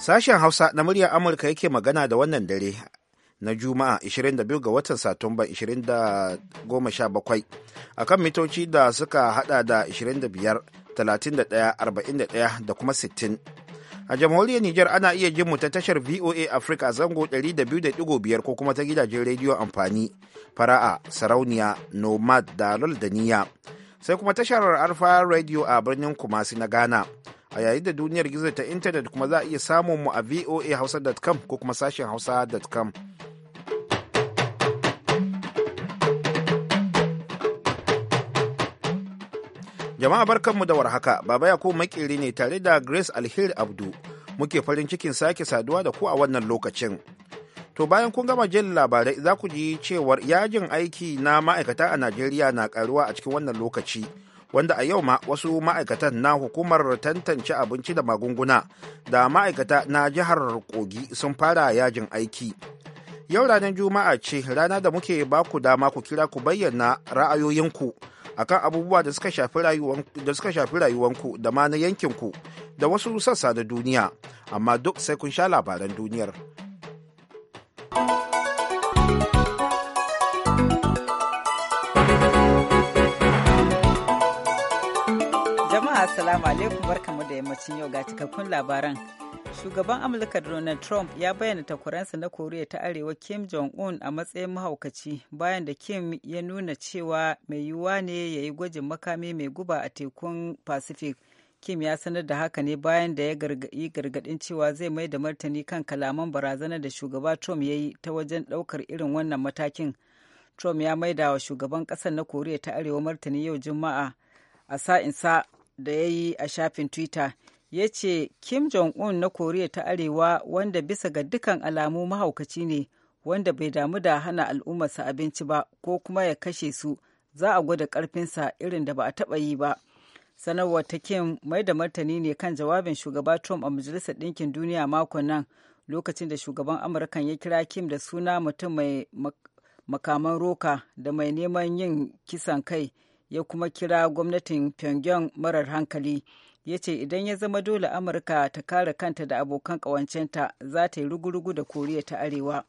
Sashen Hausa na muryar Amurka yake magana da wannan dare na Juma'a 22 ga watan Satumba 2017 a kan mitoci da suka hada da 25, 31, 41 da kuma 60. a jamhuriyar Nijar ana iya jin mu ta tashar VOA Africa zango 200.5 ko kuma ta gidajen rediyo amfani fara'a sarauniya nomad da niyya sai kuma tashar alfa radio a birnin kumasi na Ghana a yayin da duniyar gizo ta intanet kuma za a iya samun mu a voa voahausa.com ko kuma sashen hausa.com Jama'a barkanmu da warhaka, Baba yakub makeri ne tare da Grace Alheri Abdu muke farin cikin sake saduwa da ku a wannan lokacin. To bayan kun gama jin labarai za ku ji cewar yajin aiki na ma'aikata a Najeriya na karuwa a cikin wannan lokaci. Wanda a yau ma wasu ma'aikatan na hukumar tantance abinci da magunguna da ma'aikata na jihar Kogi sun fara yajin aiki. Yau ranar Juma'a ce rana da muke baku dama ku kira ku bayyana ra'ayoyinku. akan abubuwa da suka shafi rayuwanku da ma na yankinku da wasu sassa da duniya amma duk sai kun sha labaran duniyar jama'a assalamu alaikum barkamu da yammacin yau ga cikakkun labaran shugaban amurka donald trump ya bayyana takwaransa na koriya ta arewa kim jong-un a matsayin mahaukaci bayan da kim ya nuna cewa mai yiwuwa ne ya yi gwajin makami mai guba a tekun pacific kim ya sanar da haka ne bayan da ya yi gargadin cewa zai mai da martani kan kalaman barazanar da shugaba trump ya yi ta wajen ɗaukar irin wannan matakin trump ya maida wa shugaban ƙasar na koriya ta arewa martani yau juma'a a sa'insa da ya yi a shafin twitter ya ce kim jong-un na koriya ta arewa wanda bisa ga dukkan alamu mahaukaci ne wanda bai damu da hana al'ummarsa abinci ba ko kuma ya kashe su za a gwada karfinsa irin da ba a taba yi ba sanarwar ta kim mai da martani ne kan jawabin shugaba trump a majalisar ɗinkin duniya makon nan lokacin da shugaban amurka ya kira kim da suna mutum mai makaman roka da mai neman yin kisan kai ya kuma kira gwamnatin pyongyang marar hankali ya ce idan ya zama dole amurka ta kare kanta da abokan ƙawancenta za ta yi rugurugu da koriya ta arewa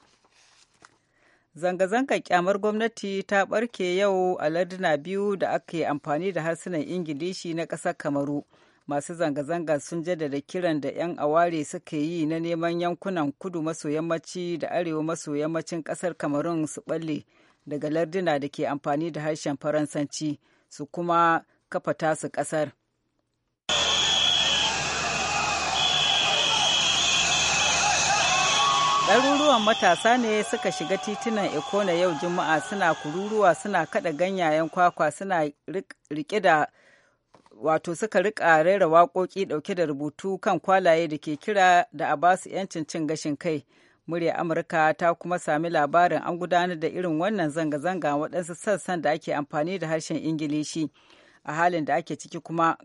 zanga-zangar kyamar gwamnati ta barke yau a larduna biyu da ake amfani da harsunan ingilishi na ƙasar kamaru masu zanga-zanga sun jaddada kiran da 'yan aware suka yi na neman yankunan kudu maso yammaci da arewa maso yammacin ƙasar kamarun su balle daga larduna da ke amfani da harshen faransanci su kuma kafa tasu ƙasar ɗaruruwan matasa ne suka shiga titunan Ikona yau Juma'a suna kururuwa suna kaɗa ganyayen kwakwa suna rike da wato suka rika rera waƙoƙi ɗauke da rubutu kan kwalaye da ke kira da a basu 'yancin cin gashin kai. Murya Amurka ta kuma sami labarin an gudanar da irin wannan zanga-zanga waɗansu sassan da ake amfani da harshen Ingilishi. a halin da ake ciki kuma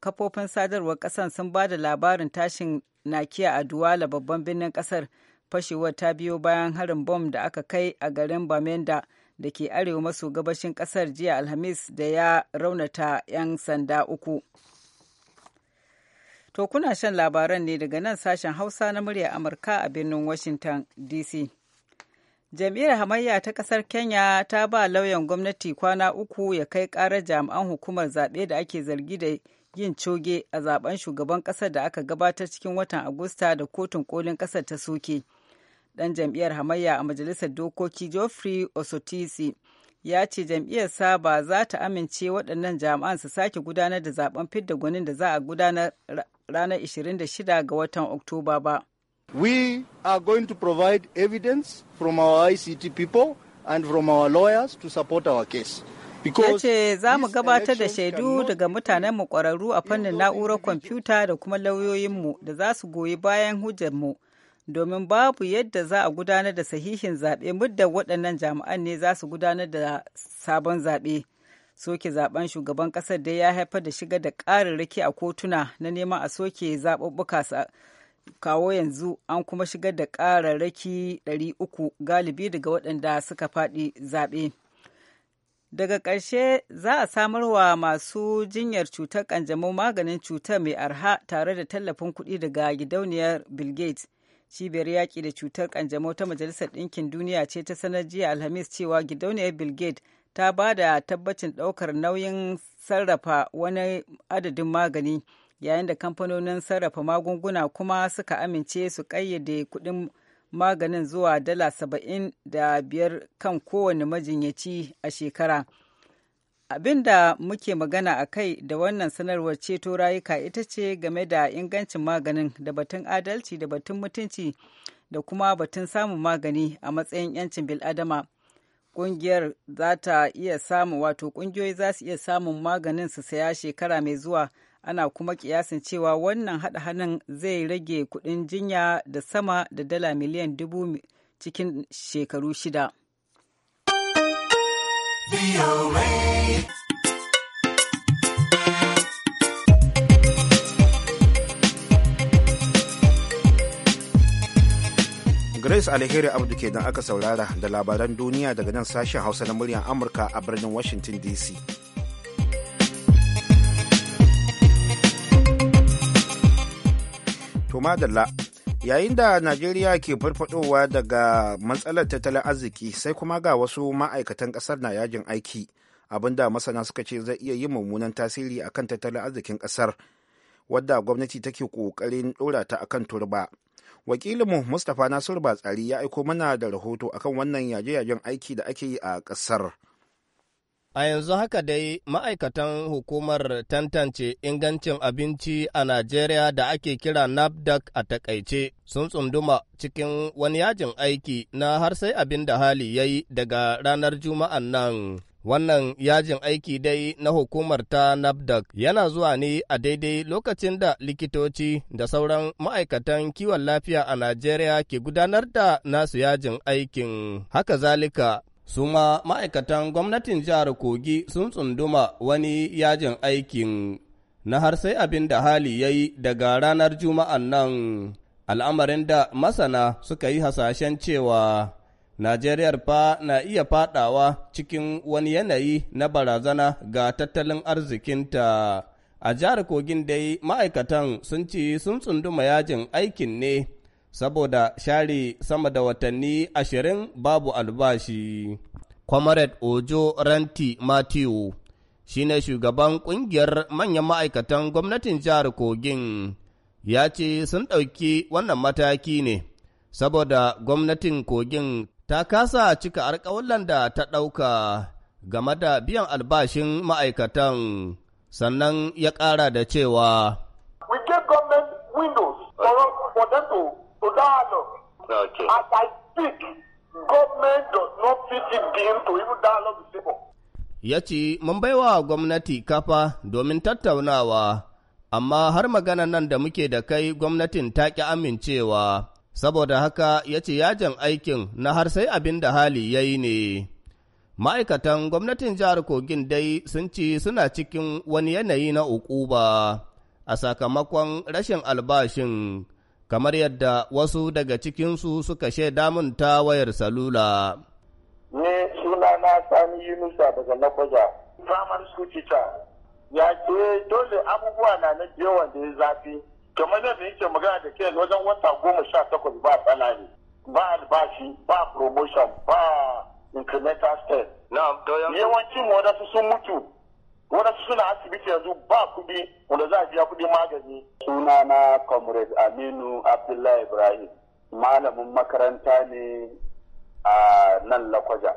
kafofin sadarwar ƙasar sun ba da labarin tashin nakiya a duwala babban birnin ƙasar. fashewar ta biyo bayan harin bom da aka kai a garin bamenda da ke arewa maso gabashin kasar jiya alhamis da ya raunata 'yan sanda uku to kuna shan labaran ne daga nan sashen hausa na murya amurka a birnin washington dc jam'iyyar hamayya ta kasar kenya ta ba lauyan gwamnati kwana uku ya kai ƙarar jami'an hukumar zaɓe da ake zargi da yin coge a zaben shugaban ƙasar da aka gabatar cikin watan agusta da kotun kolin ƙasar ta soke dan jam'iyyar hamayya a majalisar dokoki geoffrey osotisi ya ce jam'iyyarsa ba za ta amince waɗannan jami'an su sake gudanar da zaben fidda gwanin da za a gudanar ranar 26 ga watan oktoba ba we are going to provide evidence from our ict people and from our lawyers to support our case ya ce za mu gabatar da shaidu daga mutanenmu kwararru a fannin na'urar kwamfuta da kuma lauyoyinmu da za su goyi bayan hujjar mu. domin babu yadda za a gudanar da sahihin zaɓe muddin waɗannan jami'an ne za su gudanar da sabon zaɓe. Soke zaben shugaban ƙasar da ya haifar da shiga da ƙarin ƙararraki a kotuna na neman a soke zaɓuɓɓuka kawo yanzu an kuma shigar da ƙararraki 300 galibi daga waɗanda suka faɗi zaɓe. Daga ƙarshe za a samar wa masu jinyar cutar ƙanjamau maganin cutar mai arha tare da tallafin kuɗi daga gidauniyar Bill Gates. cibiyar yaƙi da cutar kanjamau ta majalisar ɗinkin duniya ce ta sanar jiya alhamis cewa gidauniyar bill gates ta ba da tabbacin ɗaukar nauyin sarrafa wani adadin magani yayin da kamfanonin sarrafa magunguna kuma suka amince su ƙayyade kuɗin maganin zuwa dala saba'in da biyar kan kowane majinyaci a shekara abin da muke magana a kai da wannan sanarwar ceto rayuka ita ce game da ingancin maganin da batun adalci da batun mutunci da kuma batun samun magani a matsayin 'yancin bil'adama ƙungiyar za ta iya samun wato ƙungiyoyi za su iya samun maganin su saya shekara mai zuwa ana kuma kiyasin cewa wannan haɗa hannun zai rage kuɗin jinya da sama da dala miliyan dubu cikin shekaru shida. Grace Alheri Abdu kenan aka saurara da labaran duniya daga nan sashen Hausa na muryar Amurka a birnin Washington DC. To madalla yayin da Najeriya ke farfadowa daga matsalar tattalin arziki sai kuma ga wasu ma'aikatan ƙasar na yajin aiki abin da masana suka ce zai iya yi mummunan tasiri akan tattalin arzikin ƙasar wadda gwamnati take ƙoƙarin ɗora ta akan turba wakilinmu mustapha nasiru batsari ya aiko mana da rahoto akan wannan yaje-yajen aiki da ake yi a ƙasar A yanzu haka dai ma'aikatan hukumar tantance ingancin abinci a Najeriya da ake kira NAFDAC a takaice sun tsunduma cikin wani yajin aiki na har sai abin da hali ya yi daga ranar Juma'an nan. Wannan yajin aiki dai na hukumar ta NAPDAC yana zuwa ne a daidai lokacin da likitoci da sauran ma'aikatan kiwon lafiya a Najeriya ke gudanar da nasu yajin aikin. Haka zalika, su ma ma'aikatan gwamnatin jihar Kogi sun tsunduma wani yajin aikin na har sai abin da hali ya yi daga ranar Juma'an nan, al'amarin da masana suka yi hasashen cewa. Najeriyar fa na iya fadawa cikin wani yanayi na barazana ga tattalin arzikinta. A jihar Kogin dai ma'aikatan sun ci sun tsunduma yajin aikin ne saboda share sama da watanni ashirin babu albashi. Comrade Ojo Ranti Matthew shi ne shugaban ƙungiyar manyan ma'aikatan gwamnatin jihar Kogin ya ce sun ɗauki wannan mataki ne saboda gwamnatin Kogin ta kasa cika alƙawallan da ta ɗauka game da biyan albashin ma'aikatan sannan ya ƙara da cewa Ya ce, Mun baiwa gwamnati kafa domin tattaunawa, amma har magana nan da muke da kai gwamnatin ta ƙi amincewa. saboda haka ya ce yajin aikin na har sai abin da hali ya yi ne. Ma'aikatan gwamnatin jihar Kogin dai sun ci suna cikin wani yanayi na ukuba a sakamakon rashin albashin kamar yadda wasu daga cikinsu suka shaida damun ta wayar salula. Ne suna na sani Yunusa daga Lakwaja, primary school teacher, ya ce dole abubuwa na na da ya zafi. kamar da yake magana da ke wajen wata goma sha takwas ba tsanani ba albashi ba promotion ba incremental step yawancin wadansu sun mutu wadansu suna asibiti yanzu ba kudi wanda za a biya kudin magani suna na comrade aminu abdullahi ibrahim malamin makaranta ne a nan lakwaja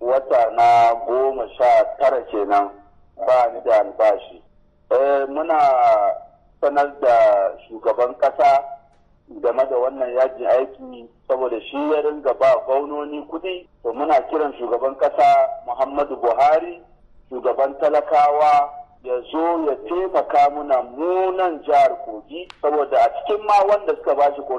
wata na goma sha tara kenan ba ni da albashi eh, muna sanar da shugaban kasa game da wannan yajin aiki saboda shi ya ringa ba gwamnoni kuɗi to muna kiran shugaban kasa muhammadu buhari shugaban talakawa ya zo ya taimaka muna munan jihar kogi saboda a cikin ma wanda suka bashi shi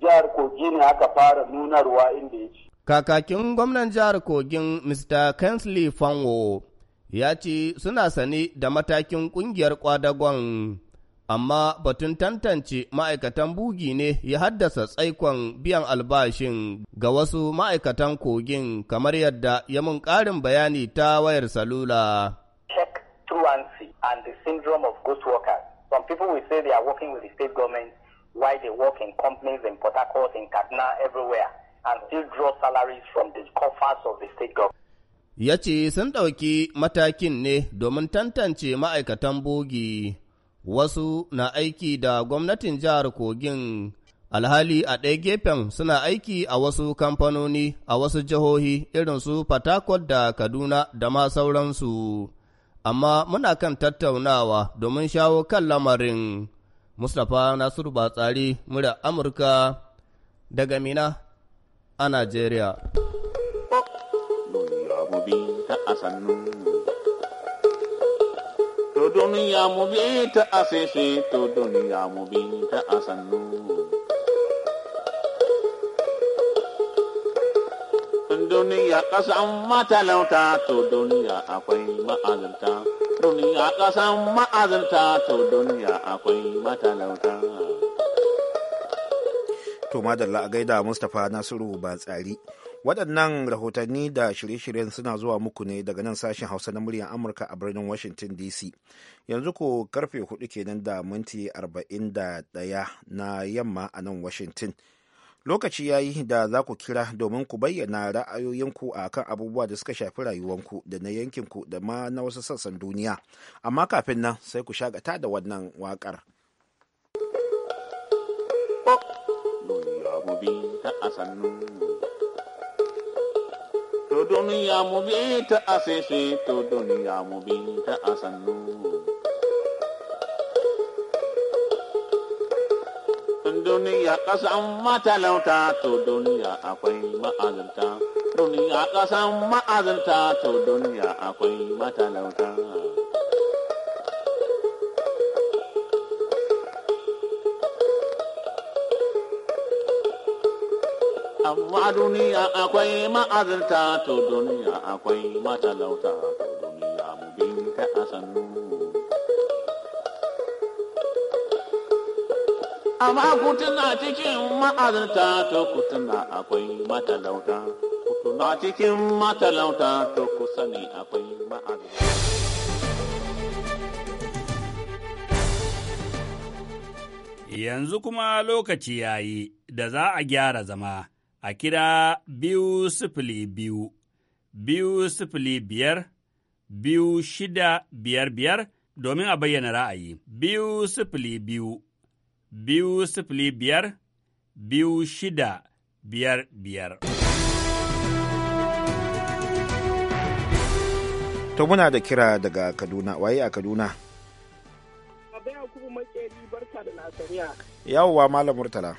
jihar kogi ne aka fara nunarwa inda ya ci kakakin gwamnan jihar kogin mr kensley fanwo ya ce suna sani da matakin kungiyar kwadagon amma batun tantance ma'aikatan bugi ne ya haddasa tsaikon biyan albashin ga wasu ma'aikatan kogin kamar yadda ya mun ƙarin bayani ta wayar salula. Check truancy and the syndrome of ghost workers. Some people will say they are working with the state government while they work in companies in Port Harcourt, in Kaduna, everywhere, and still draw salaries from the coffers of the state government. Ya ce sun ɗauki matakin ne domin tantance ma'aikatan bogi. wasu na aiki da gwamnatin jihar Kogin alhali a ɗaya gefen suna aiki a wasu kamfanoni a wasu jihohi irin su Fatakwal da Kaduna da ma sauransu. Amma muna kan tattaunawa domin shawo kan lamarin. Mustapha Nasiru Batsari, murya Amurka daga Mina a Najeriya. to duniya mu bi ta asese to duniya mu bi ta asannu duniya kasan matalauta to duniya akwai ma'azinta duniya kasan ma'azinta to duniya akwai matalauta to madalla a gaida mustapha nasiru ba tsari waɗannan rahotanni da shirye-shiryen suna zuwa muku ne daga nan sashen hausa na muryar amurka a birnin washington dc yanzu ko karfe hudu kenan da minti arba'in da ɗaya na yamma a nan washington lokaci ya yi da za ku kira domin ku bayyana ra'ayoyinku a kan abubuwa da suka shafi rayuwanku da na yankinku da ma na wasu sassan duniya amma kafin nan sai ku shagata da wannan wakar to duniya mu bi ta asese to duniya mu bi ta asannu duniya kasan matalauta to duniya akwai ma'azinta duniya kasan ma'azinta to duniya akwai matalauta amma duniya akwai ma'azarta to duniya akwai matalauta to duniya mu binta a sannu amma kutuna cikin ma'azarta to kutuna akwai matalauta kutuna cikin matalauta to ku ne akwai ma'azarta Yanzu kuma lokaci ya yi da za a gyara zama. a kira biyu sifili biyu, biyu sifili biyar, biyu shida biyar biyar domin a bayyana ra'ayi. Biyu sifili biyu, biyu sifili biyar, biyu shida biyar biyar. To muna da kira daga Kaduna, waye a Kaduna? Abai kuma Makeri barka da Nasariya. Yawwa Malam Murtala.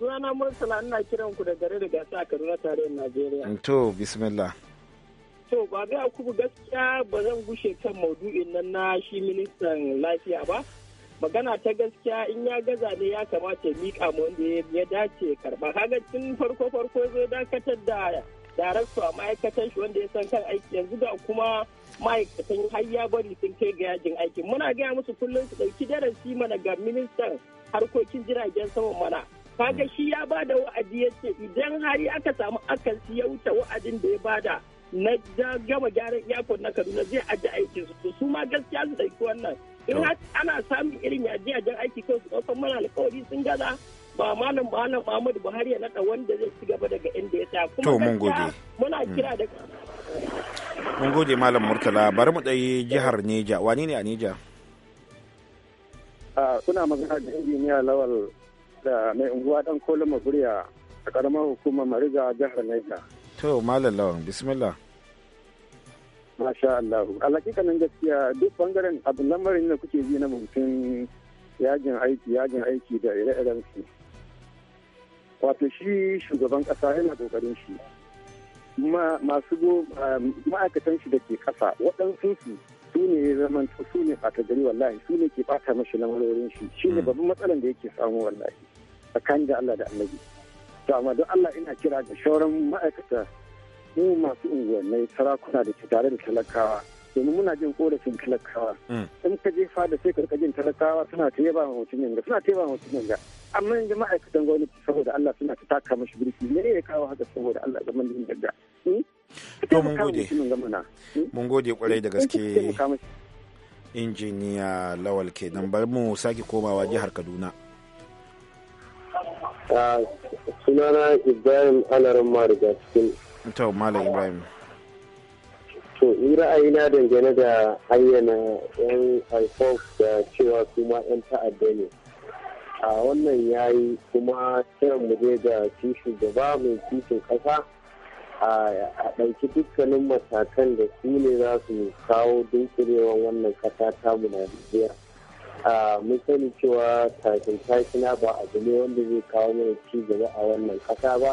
Sunana Murtala ina kiran ku da gare da gasa a Kaduna tarayyar Najeriya. Mm, to bismillah. To ba ga ku gaskiya ba zan gushe kan maudu'in nan na shi ministan lafiya ba. Magana ta gaskiya in ya gaza ne ya kamata ya miƙa mu wanda ya dace karba Kaga tun farko farko zai dakatar da darakta a ma'aikatan shi wanda ya san kan aiki yanzu ga kuma ma'aikatan har ya bari sun kai ga yajin aiki muna gaya musu kullum su ɗauki darasi mana ga ministan harkokin jiragen saman mana kaga shi ya bada wa'adi ya ce idan har aka samu akasi ya wuce wa'adin da ya bada na gama gyaran iyakon na kaduna zai ajiye aikin su su ma gaskiya su ɗauki wannan in ana samun irin yajiyajen aiki kai su ɗaukan mana alkawari sun gaza ba malam malam Muhammadu Buhari ya naɗa wanda zai ci gaba daga inda ya ta kuma mun gode muna hmm. kira da mun gode malam Murtala bari mu dai jihar Neja wani ne a Neja suna ah, magana da injiniya Lawal da mai unguwa dan kola murya a karamar hukumar mariga jihar naija to malam lawan bismillah masha gaskiya duk bangaren abu lamarin da kuke ji na mutum yajin aiki yajin aiki da ire-iren su wato shi shugaban kasa yana kokarin shi masu um, ma'aikatan shi da ke kasa waɗansu su su ne zaman su ne ɓata gari wallahi su ne ke bata mashi lamarorin shi shi ne mm. babban matsalan da yake samu wallahi tsakanin da Allah da annabi to amma don Allah ina kira ga shauran ma'aikata mu masu unguwanni sarakuna da ke tare da talakawa domin muna jin korafin talakawa hmm. in ka je fada sai ka jin talakawa suna ta yaba ma mutum yanga suna ta yaba ma mutum yanga amma yanzu ma'aikatan gwamnati saboda Allah suna ta taka mashi birki ne ya kawo haka saboda Allah zaman jin yanga hmm? to mun gode hmm? mun gode kwarai da gaske injiniya lawal kenan bari mu sake komawa jihar Kaduna sunana ibrahim alarin mariga cikin to malam ibrahim to ra'ayi na dangane da ayyana yan alfok da cewa kuma yan ta'adda ne a wannan ya yi kuma kiran mu je da shi shugaba mai titin ƙasa a ɗauki dukkanin matakan da su ne za su kawo dinkirewan wannan ƙasa tamu biyar. mun sani cewa tashin tashina ba abu ne wanda zai kawo mana ci gaba a wannan kasa ba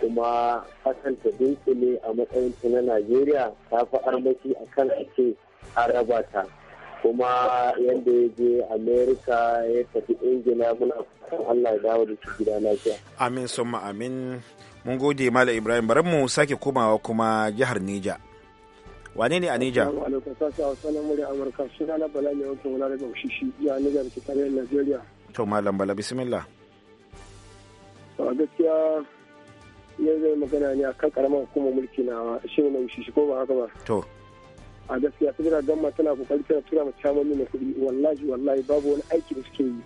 kuma kasan ta ne a matsayin ta na najeriya ta fi armashi a kan a ce ta kuma yadda ya je amerika ya tafi ingila muna allah ya dawo da shi gida lafiya amin summa amin mun gode malam ibrahim bari mu sake komawa kuma jihar neja wane ne a Nija? Assalamu alaikum sashi Hausa na murya Amurka suna na Bala ne wankin wula daga Ushishi ya Nijar ke tarayyar Najeriya. To Malam Bala bismillah. To a gaskiya yau zai magana ne a kan karamar hukumar mulki na shi na Ushishi ko ba haka ba. To. A gaskiya ta jira gamma tana kokari tana tura ma camoni nuna kuɗi wallahi wallahi babu wani aiki da suke yi.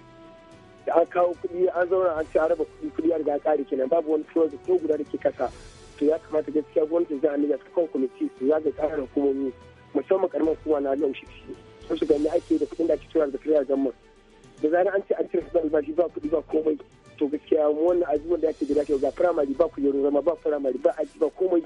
Da an kawo kuɗi an zauna an ci a raba kuɗi kuɗi a riga ƙari kenan babu wani project ko guda da ke kasa. to ya kamata gaskiya gwamnati za a nuna ta kan kwamiti su zaga tsarin hukumomi musamman karamar hukuma na laushi su su gani ake da kudin da ake tura da kariya gamma da zarar an ce an cire su albashi ba kuɗi ba komai to gaskiya mu wannan azumin da ake gida ga firamare ba kujerun zama ba firamare ba aji ba komai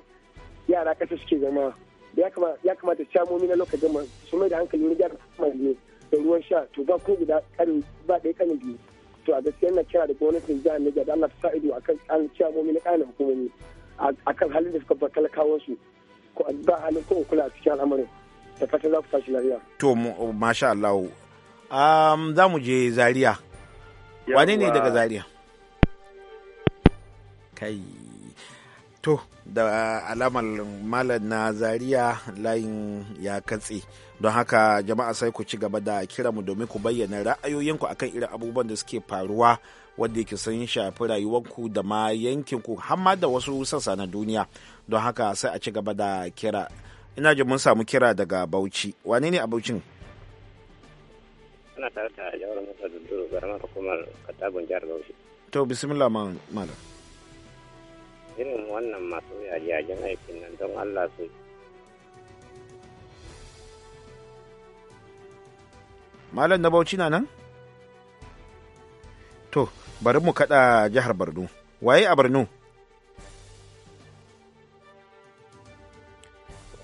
yara kasa suke zama ya kamata shamomi na lokacin su mai da hankali wani gyara ne. da ruwan sha to ba ko guda karin ba ɗaya kan biyu to a gaskiya na kira da gwamnatin jihar Niger da Allah ta sa ido akan an shamomi na ƙananan hukumomi a kan halin da suka ba su ko ba halin ko kula a cikin al'amarin da fata za ku tashi lariya. to masha Allah um, za mu je zaria wane ne daga zaria kai to da alamar malam na zaria layin ya katse don haka jama'a sai ku ci gaba da kiranmu domin ku bayyana ra'ayoyinku akan irin abubuwan da suke faruwa wadda yake sun shafi rayuwarku da ma yankinku har ma da wasu sassa na duniya don haka sai a ci gaba da kira ina ji mun samu kira daga bauchi wane ne a bauchin ana tare da yawon masa dunduru garama hukumar katabon jihar bauchi to bismillah mala irin wannan masu yajen aikin nan don allah su malam na bauchi na nan to bari mu kaɗa jihar borno waye a borno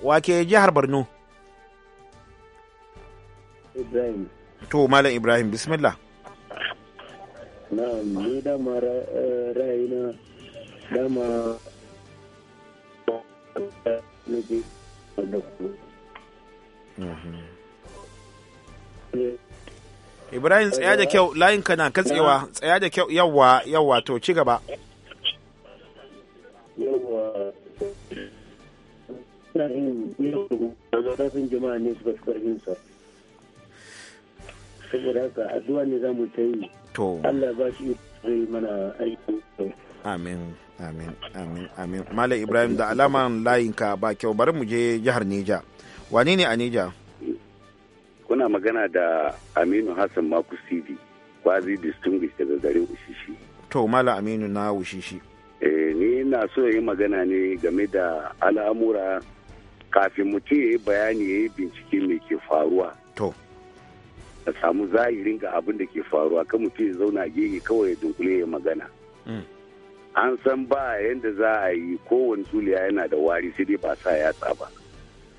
wake jihar borno ibrahim to malam ibrahim bismillah Na, ni dama eh, ra'ayina dama na je da ibrahim tsaya da kyau layin ka na katsewa tsaya da kyau yawwa yawwa to ci gaba to amin amin amin amin malam ibrahim da alaman layinka ba kyau bari mu je jihar neja wani ne a neja kuna magana da aminu hassan makusidi kwazi distinguished daga garin ushishi to mala aminu na ushishi eh ni na so yi magana ne game da al'amura kafin mutum ya yi bayani ya yi bincike mai ke faruwa to a samu zahirin ga abin da ke faruwa kan mutum ya zauna gehe kawai ya dunkule ya magana mm. an san ba yadda za a yi kowane zuliya yana da wari sai dai ba sa yatsa ba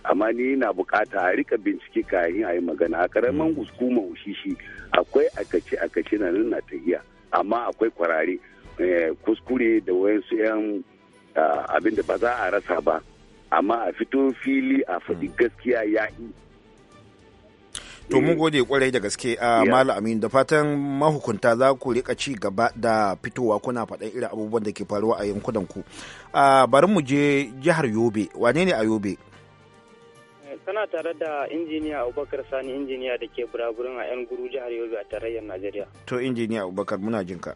amma ni na bukata a rika bincike kayan a yi magana a karamin guskuma mm. ushishi akwai akace akaci na nan na tahiya amma akwai kwarare eh, kuskure da wayansu yan ah, abin da ba za a rasa ba amma a fito fili a faɗi mm. gaskiya ya yi to mun eh. gode kwarai da gaske ah, a mala amin da fatan mahukunta za ku rika ci gaba da fitowa kuna faɗan irin abubuwan da ke faruwa a yankunan ku ah, bari mu je jihar yobe wane ne a yobe Kana tare da injiniya Abubakar Sani injiniya da ke buraburin a 'yan guru jihar Yobe a tarayyar Najeriya. To injiniya Abubakar muna jin ka.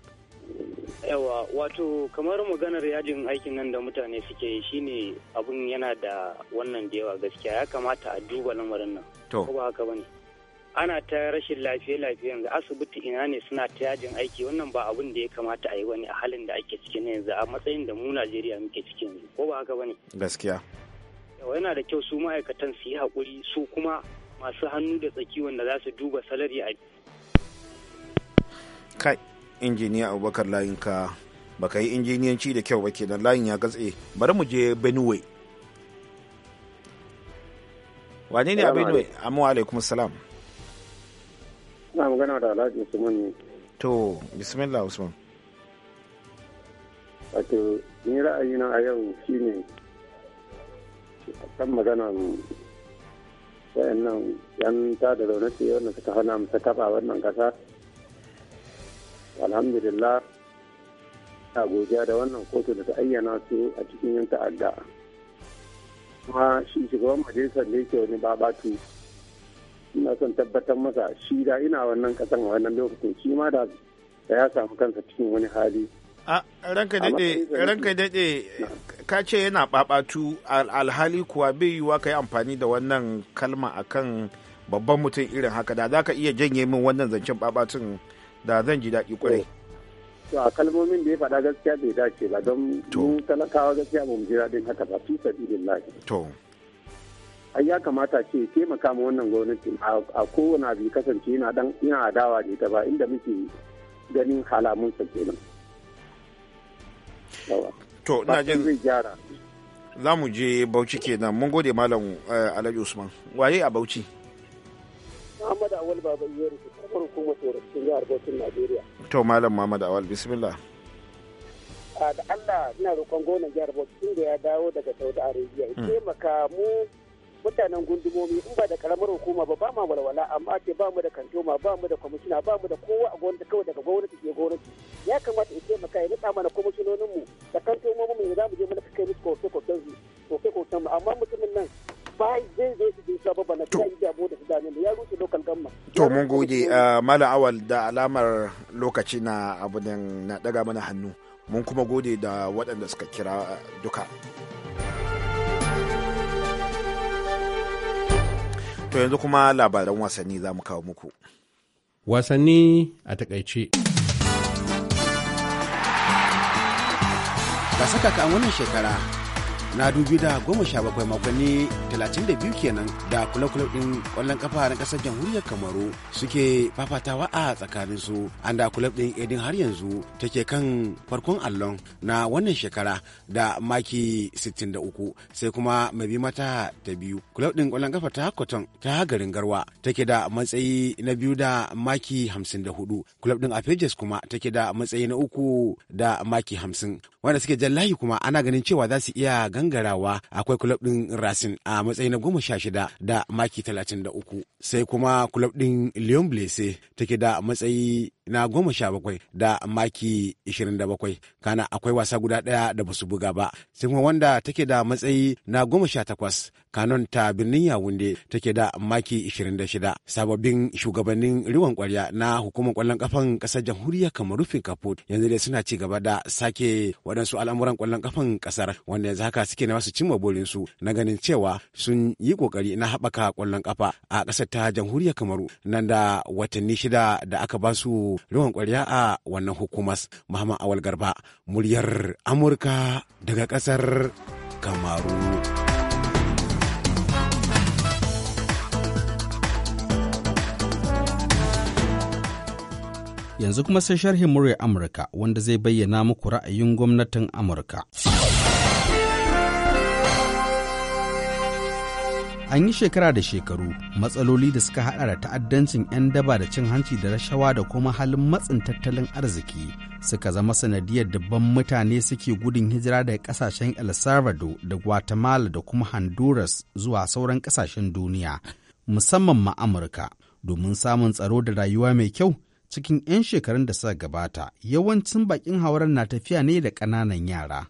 yawa wato kamar maganar yajin aikin nan da mutane suke yi shine abun yana da wannan da yawa gaskiya ya kamata a duba lamarin nan to ba haka bane ana ta rashin lafiya lafiya yanzu asibiti ina ne suna ta yajin aiki wannan ba abun da ya kamata a yi wani a halin da ake cikin yanzu a matsayin da mu Najeriya muke cikin ko ba haka bane gaskiya yana da kyau su ma'aikatan su yi haƙuri su kuma masu hannu da tsaki wanda za su duba salari a kai injiniya abubakar layinka ka yi injiniyanci da kyau ba ke nan layin ya gatse bari mu je benue wane ne a benue amma alaikum salam na magana da alhaji usman ne to bismillah usman wato ni na a yau shine kan magana wayannan yan ta da zaune ce wannan suka hana mu taba wannan kasa alhamdulillah a godiya da wannan kotu da ta ayyana su a cikin yin ta'adda kuma shi shugaban majalisar da yake wani babatu ina son tabbatar masa shi da ina wannan kasan a wannan lokacin shi ma da ya samu kansa cikin wani hali ranka daɗe ranka daɗe ka ce yana babatu alhali kuwa bai yiwuwa ka yi amfani da wannan kalma akan babban mutum irin haka da za ka iya janye min wannan zancen ɓaɓatun da zan ji daɗi kwarai. to a kalmomin da ya faɗa gaskiya bai dace ba don mu talakawa gaskiya ba mu ji daɗin haka ba fi sabilillahi. to ai ya kamata ce taimaka ma wannan gwamnatin a kowane abu kasance yana adawa da ita ba inda muke ganin halamunsa kenan. to ina jin za mu je bauchi kenan mun gode malam eh, alhaji usman waye a bauchi Muhammad Awal Baba Yeri kafar hukumar tsoron jihar Bautin Najeriya. To Malam Muhammad Awal bismillah. Ah, da Allah ina roƙon gonan jihar Bauchi inda da ya dawo daga Saudi Arabia ya hmm. taimaka mu mutanen gundumomi in ba da karamar hukuma ba ba ma walwala amma ce ba mu da kantoma ba mu da kwamishina ba mu da kowa a gwamnati kawai daga gwamnati ke gwamnati ya kamata ya taimaka ya nutsa mana kwamishinonin mu da kantomomin mu za mu je mana kai musu ko koken ko koke mu amma mutumin nan ba zai zai su jinsa ba bana kai da bo da ya rushe lokal gamma to mun gode ah, mala awal da alamar lokaci na abu na daga mana hannu mun kuma gode da waɗanda suka kira ah, duka. To yanzu kuma labaran wasanni za mu kawo muku. Wasanni a takaice. Ga saka kan wannan shekara na dubi da goma sha bakwai makonni talatin da biyu kenan da kula ɗin ƙwallon kafa na ƙasar jamhuriyar kamaru suke fafatawa a tsakanin su an da kula edin har yanzu take kan farkon allon na wannan shekara da maki 63 sai kuma mai bi mata ta biyu kula ɗin ƙwallon kafa ta cotton ta garin garwa take da matsayi na biyu da maki 54 kula ɗin apejes kuma take da matsayi na uku da maki hamsin wanda suke jan layi kuma ana ganin cewa za su iya gan gangarawa akwai kulob ɗin Racing a matsayi na goma sha shida da maki talatin da uku. Sai kuma kulob ɗin Lyon blaise take da matsayi na goma sha bakwai da maki ishirin da bakwai kana akwai wasa guda ɗaya da basu buga ba sai kuma wanda take da matsayi na goma sha takwas kanon ta birnin yawunde take da maki ishirin da shida sababbin shugabannin riwan kwarya na hukumar kwallon kafan ƙasar jamhuriyar kamaru kaput yanzu dai suna ci gaba da sake waɗansu al'amuran kwallon kafan kasar wanda yanzu haka suke na su cimma burinsu na ganin cewa sun yi ƙoƙari na haɓaka kwallon kafa a ƙasar ta jamhuriyar kamaru nan da watanni shida da aka ba su rawan ƙwarya a wannan hukumar Muhammad Awal Garba muryar Amurka daga ƙasar Kamaru. yanzu kuma sai sharhin murya Amurka wanda zai bayyana muku ra'ayin gwamnatin Amurka. an yi shekara da shekaru matsaloli da suka hada da ta'addancin 'yan daba da cin hanci da rashawa da kuma halin matsin tattalin arziki suka zama sanadiyar dubban mutane suke gudun hijira daga kasashen el salvador da guatemala da kuma honduras zuwa sauran kasashen duniya musamman ma amurka domin samun tsaro da rayuwa mai kyau cikin 'yan shekarun da suka gabata yawancin bakin hauren na tafiya ne da ƙananan yara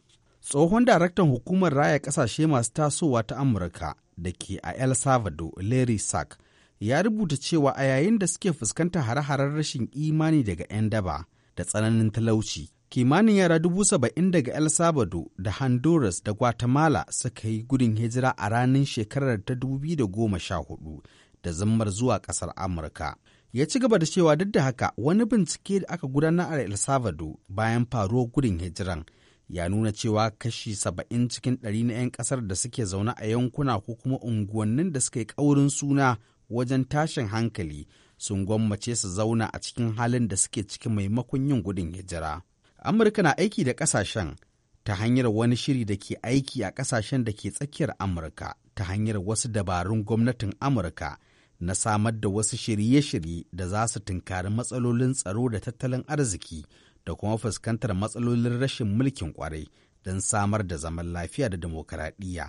Tsohon daraktan hukumar raya kasashe masu tasowa ta Amurka da ke a El Salvador, Larry Sack, ya rubuta cewa a yayin da suke fuskantar hare-haren rashin imani daga 'yan daba da tsananin talauci, kimanin yara dubu saba'in daga El Salvador da Honduras da Guatemala suka yi gudun hijira a ranar shekarar ta 2014 da zammar zuwa ƙasar Amurka. Ya ci gaba da cewa duk da haka wani bincike da aka gudanar a El Salvador bayan faruwar gudun hijiran ya nuna cewa kashi saba'in cikin ɗari na 'yan ƙasar da suke zaune a yankuna ko kuma unguwannin da suka yi ƙaurin suna wajen tashin hankali sun gwammace su zauna a cikin halin da suke cikin maimakon yin gudun hijira. Amurka na aiki da ƙasashen ta hanyar wani shiri da ke aiki a ƙasashen da ke tsakiyar Amurka ta hanyar wasu dabarun gwamnatin Amurka na samar da wasu shirye-shirye da za su tunkari matsalolin tsaro da tattalin arziki da kuma fuskantar matsalolin rashin mulkin kwarai don samar da zaman lafiya da demokaradiyya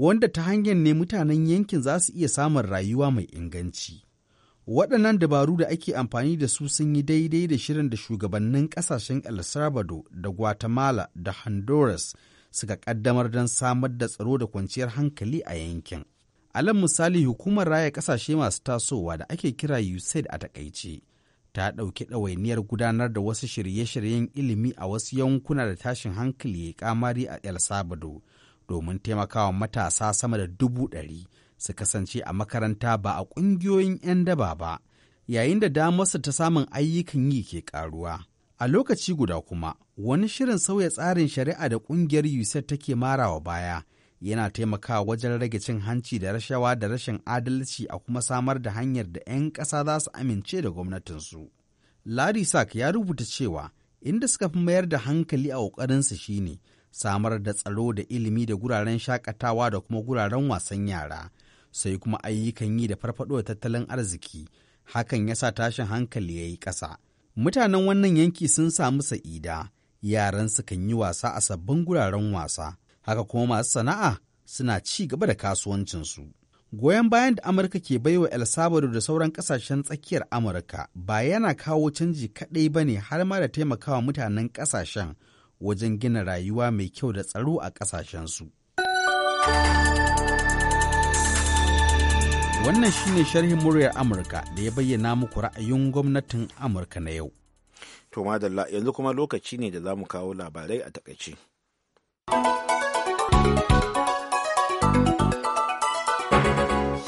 wanda ta hanyar ne mutanen yankin za su iya samun rayuwa mai inganci. Waɗannan dabaru da ake amfani da su sun yi daidai da shirin da shugabannin ƙasashen El Salvador da Guatemala da Honduras suka ƙaddamar don samar da tsaro da kwanciyar hankali a yankin. Alan misali hukumar raya ƙasashe masu tasowa da ake kira USAID a takaice ta ɗauki ɗawainiyar gudanar da wasu shirye-shiryen ilimi a wasu yankuna da tashin hankali ya kamari a El Salvador domin taimakawa matasa sama da dubu ɗari su kasance a makaranta ba a ƙungiyoyin 'yan daba ba yayin da damarsu ta samun ayyukan yi ke ƙaruwa. A lokaci guda kuma, wani shirin sauya tsarin shari'a da ƙungiyar USAID take marawa baya yana taimakawa wajen rage cin hanci da rashawa da rashin adalci a kuma samar da hanyar da 'yan ƙasa za su amince da gwamnatinsu. Ladi Sack ya rubuta cewa inda suka fi mayar da hankali a ƙoƙarinsu shine samar da tsaro da ilimi da guraren shakatawa da kuma guraren wasan yara, sai kuma ayyukan yi da farfaɗo da tattalin arziki, hakan ya sa tashin hankali ya yi ƙasa. Mutanen wannan yanki sun samu sa'ida, yaran sukan yi wasa a sabbin guraren wasa. haka kuma masu sana'a suna ci gaba da kasuwancinsu. Goyon bayan da Amurka ke baiwa El Salvador da sauran kasashen tsakiyar Amurka ba yana kawo canji kaɗai ba ne har ma da taimakawa mutanen kasashen wajen gina rayuwa mai kyau da tsaro a su. Wannan shi ne sharhin muryar Amurka da ya bayyana muku ra'ayin gwamnatin Amurka na yau. To madalla yanzu kuma lokaci ne da za mu kawo labarai a takaice.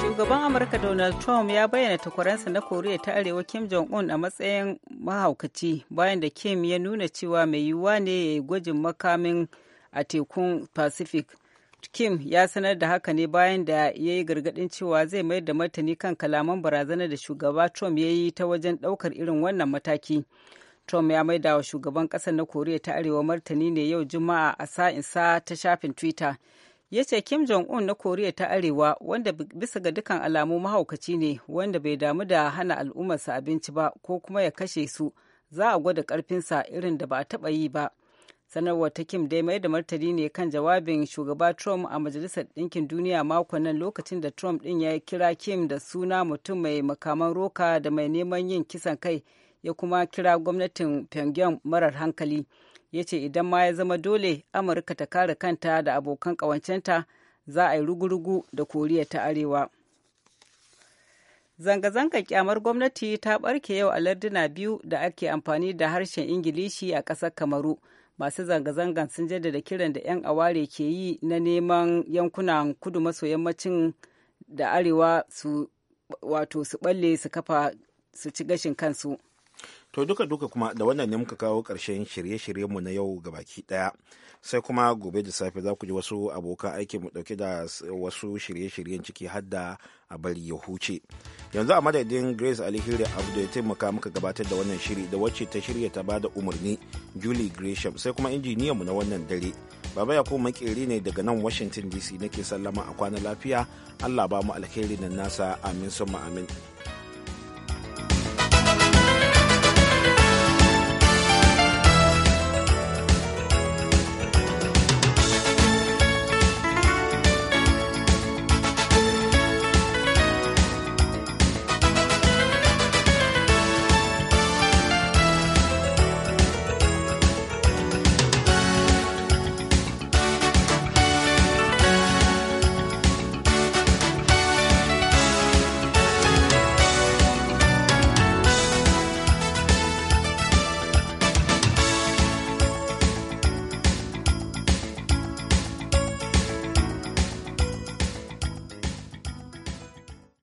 shugaban amurka donald trump ya bayyana takwaransa na koriya ta arewa kim jong-un a matsayin mahaukaci bayan da kim ya nuna cewa mai yiwuwa ne ya yi gwajin makamin a tekun pacific kim ya sanar da haka ne bayan da ya yi gargadin cewa zai mayar da martani kan kalaman barazana da shugaba trump ya yi ta wajen daukar irin wannan mataki Trump ya maida wa shugaban ƙasar na Koriya ta Arewa martani ne yau Juma'a a sa'insa ta shafin Twitter. Ya ce Kim Jong-un na Koriya ta Arewa wanda bisa ga dukan alamu mahaukaci ne wanda bai damu da hana al'ummarsa abinci ba ko kuma ya kashe su za a gwada ƙarfinsa irin da ba a taɓa yi ba. sanarwar ta kim dai mai da martani ne kan jawabin shugaba trump a majalisar ɗinkin duniya makon nan lokacin da trump ɗin ya kira kim da suna mutum mai makaman roka da mai neman yin kisan kai ya kuma kira gwamnatin Pyongyang marar hankali. Ya ce idan ma ya zama dole Amurka ta kare kanta da abokan ƙawancenta za a yi rugurugu da Koriya ta Arewa. Zanga-zangar kyamar gwamnati ta ɓarke yau a larduna biyu da ake amfani da harshen Ingilishi a ƙasar Kamaru. masu zanga-zangan sun jaddada kiran da 'yan aware ke yi na neman yankunan kudu maso yammacin da arewa su wato su balle su kafa su ci gashin kansu To duka duka kuma da wannan ne muka kawo ƙarshen shirye mu na yau ga baki ɗaya. Sai kuma gobe da safe za ku ji wasu abokan aikin mu ɗauke da wasu shirye-shiryen ciki har da a bari ya huce. Yanzu a madadin Grace Alhiri da ya taimaka muka gabatar da wannan shiri da wacce ta shirya ta bada umarni Julie Gresham sai kuma injiniyanmu na wannan dare. Baba ya kuma makeri ne daga nan Washington DC nake sallama a kwana lafiya. Allah ba mu alheri nan nasa amin sun amin.